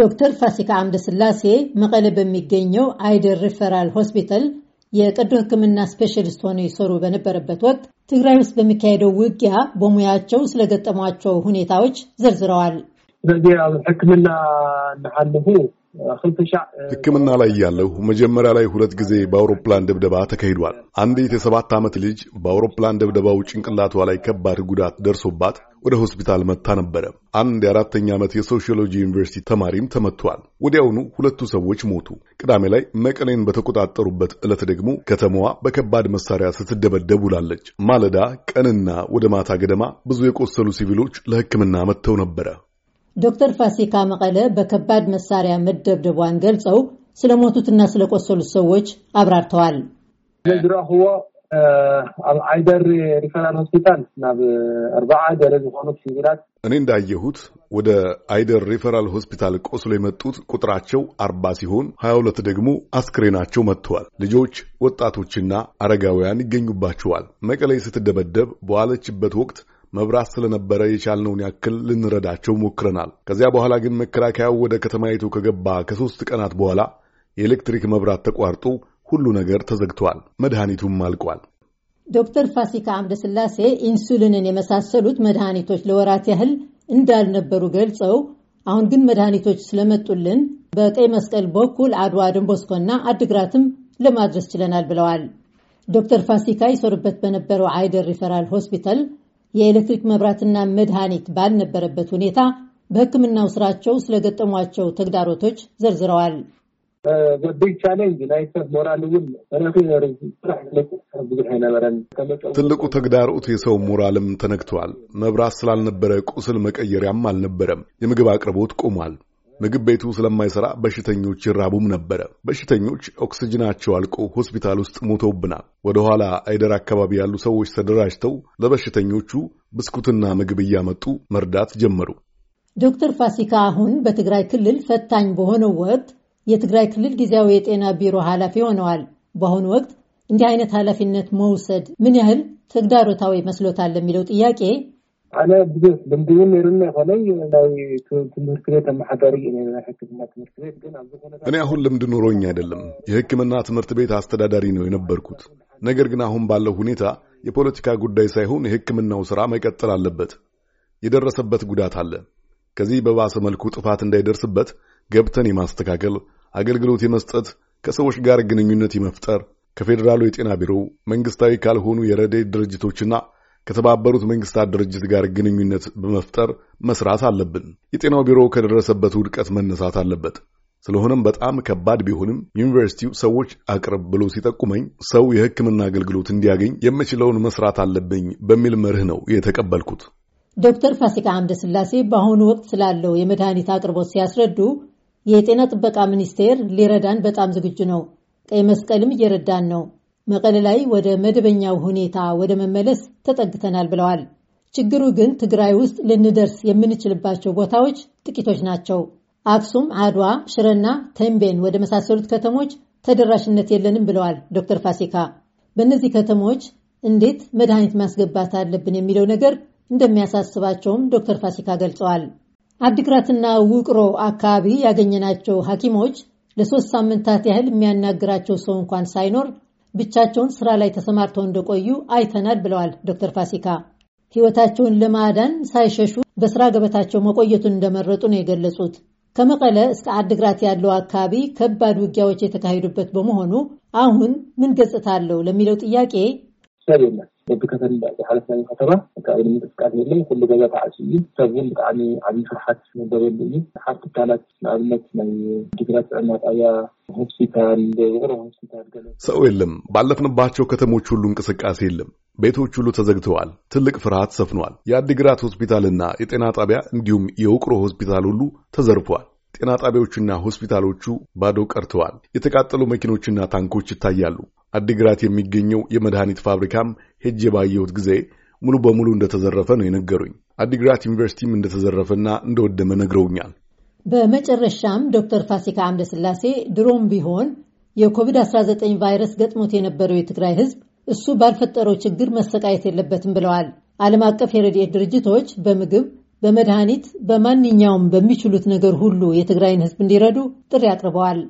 ዶክተር ፋሲካ አምደ ስላሴ መቀለ በሚገኘው አይደር ሪፈራል ሆስፒታል የቀዶ ሕክምና ስፔሻሊስት ሆነው ይሰሩ በነበረበት ወቅት ትግራይ ውስጥ በሚካሄደው ውጊያ በሙያቸው ስለገጠሟቸው ሁኔታዎች ዘርዝረዋል። ሕክምና ላይ ያለሁ መጀመሪያ ላይ ሁለት ጊዜ በአውሮፕላን ድብደባ ተካሂዷል። አንዲት የሰባት ዓመት ልጅ በአውሮፕላን ድብደባው ጭንቅላቷ ላይ ከባድ ጉዳት ደርሶባት ወደ ሆስፒታል መታ ነበረ። አንድ የአራተኛ ዓመት የሶሽዮሎጂ ዩኒቨርሲቲ ተማሪም ተመቷል። ወዲያውኑ ሁለቱ ሰዎች ሞቱ። ቅዳሜ ላይ መቀሌን በተቆጣጠሩበት ዕለት ደግሞ ከተማዋ በከባድ መሳሪያ ስትደበደብ ውላለች። ማለዳ፣ ቀንና ወደ ማታ ገደማ ብዙ የቆሰሉ ሲቪሎች ለሕክምና መጥተው ነበረ። ዶክተር ፋሲካ መቀለ በከባድ መሳሪያ መደብደቧን ገልጸው ስለሞቱትና ስለቆሰሉት ሰዎች አብራርተዋል። ኣብ ዓይደር ሪፈራል ሆስፒታል ናብ ኣርባዓ ገለ ዝኾኑ ሲቪላት እኔ እንዳየሁት ወደ አይደር ሪፈራል ሆስፒታል ቆስሎ የመጡት ቁጥራቸው አርባ ሲሆን ሀያ ሁለት ደግሞ አስክሬናቸው መጥተዋል። ልጆች፣ ወጣቶችና አረጋውያን ይገኙባቸዋል። መቀሌ ስትደበደብ በዋለችበት ወቅት መብራት ስለነበረ የቻልነውን ያክል ልንረዳቸው ሞክረናል። ከዚያ በኋላ ግን መከላከያው ወደ ከተማይቱ ከገባ ከሶስት ቀናት በኋላ የኤሌክትሪክ መብራት ተቋርጦ ሁሉ ነገር ተዘግቷል። መድኃኒቱም አልቋል። ዶክተር ፋሲካ አምደስላሴ ኢንሱሊንን የመሳሰሉት መድኃኒቶች ለወራት ያህል እንዳልነበሩ ገልጸው አሁን ግን መድኃኒቶች ስለመጡልን በቀይ መስቀል በኩል አድዋ፣ ደንቦስኮና አድግራትም ለማድረስ ችለናል ብለዋል። ዶክተር ፋሲካ ይሰሩበት በነበረው አይደር ሪፈራል ሆስፒታል የኤሌክትሪክ መብራትና መድኃኒት ባልነበረበት ሁኔታ በሕክምናው ስራቸው ስለገጠሟቸው ተግዳሮቶች ዘርዝረዋል። ትልቁ ተግዳሮት የሰው ሞራልም ተነግተዋል። መብራት ስላልነበረ ቁስል መቀየሪያም አልነበረም። የምግብ አቅርቦት ቆሟል። ምግብ ቤቱ ስለማይሰራ በሽተኞች ይራቡም ነበረ። በሽተኞች ኦክስጅናቸው አልቆ ሆስፒታል ውስጥ ሞተውብናል። ወደ ኋላ አይደር አካባቢ ያሉ ሰዎች ተደራጅተው ለበሽተኞቹ ብስኩትና ምግብ እያመጡ መርዳት ጀመሩ። ዶክተር ፋሲካ አሁን በትግራይ ክልል ፈታኝ በሆነው ወቅት የትግራይ ክልል ጊዜያዊ የጤና ቢሮ ኃላፊ ሆነዋል። በአሁኑ ወቅት እንዲህ አይነት ኃላፊነት መውሰድ ምን ያህል ተግዳሮታዊ መስሎታል ለሚለው ጥያቄ ኣነ ብዙሕ ልምዲ ነሩና ናይ ትምህርት ቤት ኣመሓዳሪ እዩ ነና ሕክምና ትምህርት ቤት ግን ዝኾነ እኔ አሁን ልምድ ኑሮኝ አይደለም። የሕክምና ትምህርት ቤት አስተዳዳሪ ነው የነበርኩት። ነገር ግን አሁን ባለው ሁኔታ የፖለቲካ ጉዳይ ሳይሆን የሕክምናው ስራ መቀጠል አለበት። የደረሰበት ጉዳት አለ። ከዚህ በባሰ መልኩ ጥፋት እንዳይደርስበት ገብተን የማስተካከል አገልግሎት የመስጠት ከሰዎች ጋር ግንኙነት የመፍጠር ከፌዴራሉ የጤና ቢሮ መንግስታዊ ካልሆኑ የረድኤት ድርጅቶችና ከተባበሩት መንግስታት ድርጅት ጋር ግንኙነት በመፍጠር መስራት አለብን። የጤናው ቢሮ ከደረሰበት ውድቀት መነሳት አለበት። ስለሆነም በጣም ከባድ ቢሆንም ዩኒቨርሲቲው ሰዎች አቅርብ ብሎ ሲጠቁመኝ ሰው የሕክምና አገልግሎት እንዲያገኝ የምችለውን መስራት አለብኝ በሚል መርህ ነው የተቀበልኩት። ዶክተር ፋሲካ አምደ ስላሴ በአሁኑ ወቅት ስላለው የመድኃኒት አቅርቦት ሲያስረዱ የጤና ጥበቃ ሚኒስቴር ሊረዳን በጣም ዝግጁ ነው። ቀይ መስቀልም እየረዳን ነው። መቀሌ ላይ ወደ መደበኛው ሁኔታ ወደ መመለስ ተጠግተናል ብለዋል። ችግሩ ግን ትግራይ ውስጥ ልንደርስ የምንችልባቸው ቦታዎች ጥቂቶች ናቸው። አክሱም፣ አድዋ፣ ሽረና ተምቤን ወደ መሳሰሉት ከተሞች ተደራሽነት የለንም ብለዋል ዶክተር ፋሲካ። በእነዚህ ከተሞች እንዴት መድኃኒት ማስገባት አለብን የሚለው ነገር እንደሚያሳስባቸውም ዶክተር ፋሲካ ገልጸዋል። አዲግራትና ውቅሮ አካባቢ ያገኘናቸው ሐኪሞች ለሶስት ሳምንታት ያህል የሚያናግራቸው ሰው እንኳን ሳይኖር ብቻቸውን ስራ ላይ ተሰማርተው እንደቆዩ አይተናል ብለዋል ዶክተር ፋሲካ። ህይወታቸውን ለማዳን ሳይሸሹ በስራ ገበታቸው መቆየቱን እንደመረጡ ነው የገለጹት። ከመቀለ እስከ አድግራት ያለው አካባቢ ከባድ ውጊያዎች የተካሄዱበት በመሆኑ አሁን ምን ገጽታ አለው ለሚለው ጥያቄ ሰው የብከተል ዝሓለፍናዮ ከተማ ካብን ምንቅስቃስ የለን ኩሉ ገዛ ተዓሲ እዩ ሰብን ብጣዕሚ ዓብዪ ፍርሓት ነበረሉ እዩ ሓንቲ ትካላት ንኣብነት ናይ ድግራት ጥዕና ጣብያ ሆስፒታል ሆስፒታል ገለ ሰው የለም። ባለፍንባቸው ከተሞች ሁሉ እንቅስቃሴ የለም። ቤቶች ሁሉ ተዘግተዋል። ትልቅ ፍርሃት ሰፍኗል። የአዲግራት ሆስፒታልና የጤና ጣቢያ እንዲሁም የውቅሮ ሆስፒታል ሁሉ ተዘርፏል። ጤና ጣቢያዎቹና ሆስፒታሎቹ ባዶ ቀርተዋል። የተቃጠሉ መኪኖችና ታንኮች ይታያሉ። አዲግራት የሚገኘው የመድኃኒት ፋብሪካም ሄጄ ባየሁት ጊዜ ሙሉ በሙሉ እንደተዘረፈ ነው የነገሩኝ። አዲግራት ዩኒቨርሲቲም እንደተዘረፈና እንደወደመ ነግረውኛል። በመጨረሻም ዶክተር ፋሲካ አምደ ስላሴ ድሮም ቢሆን የኮቪድ-19 ቫይረስ ገጥሞት የነበረው የትግራይ ህዝብ እሱ ባልፈጠረው ችግር መሰቃየት የለበትም ብለዋል። ዓለም አቀፍ የረድኤት ድርጅቶች በምግብ፣ በመድኃኒት፣ በማንኛውም በሚችሉት ነገር ሁሉ የትግራይን ህዝብ እንዲረዱ ጥሪ አቅርበዋል።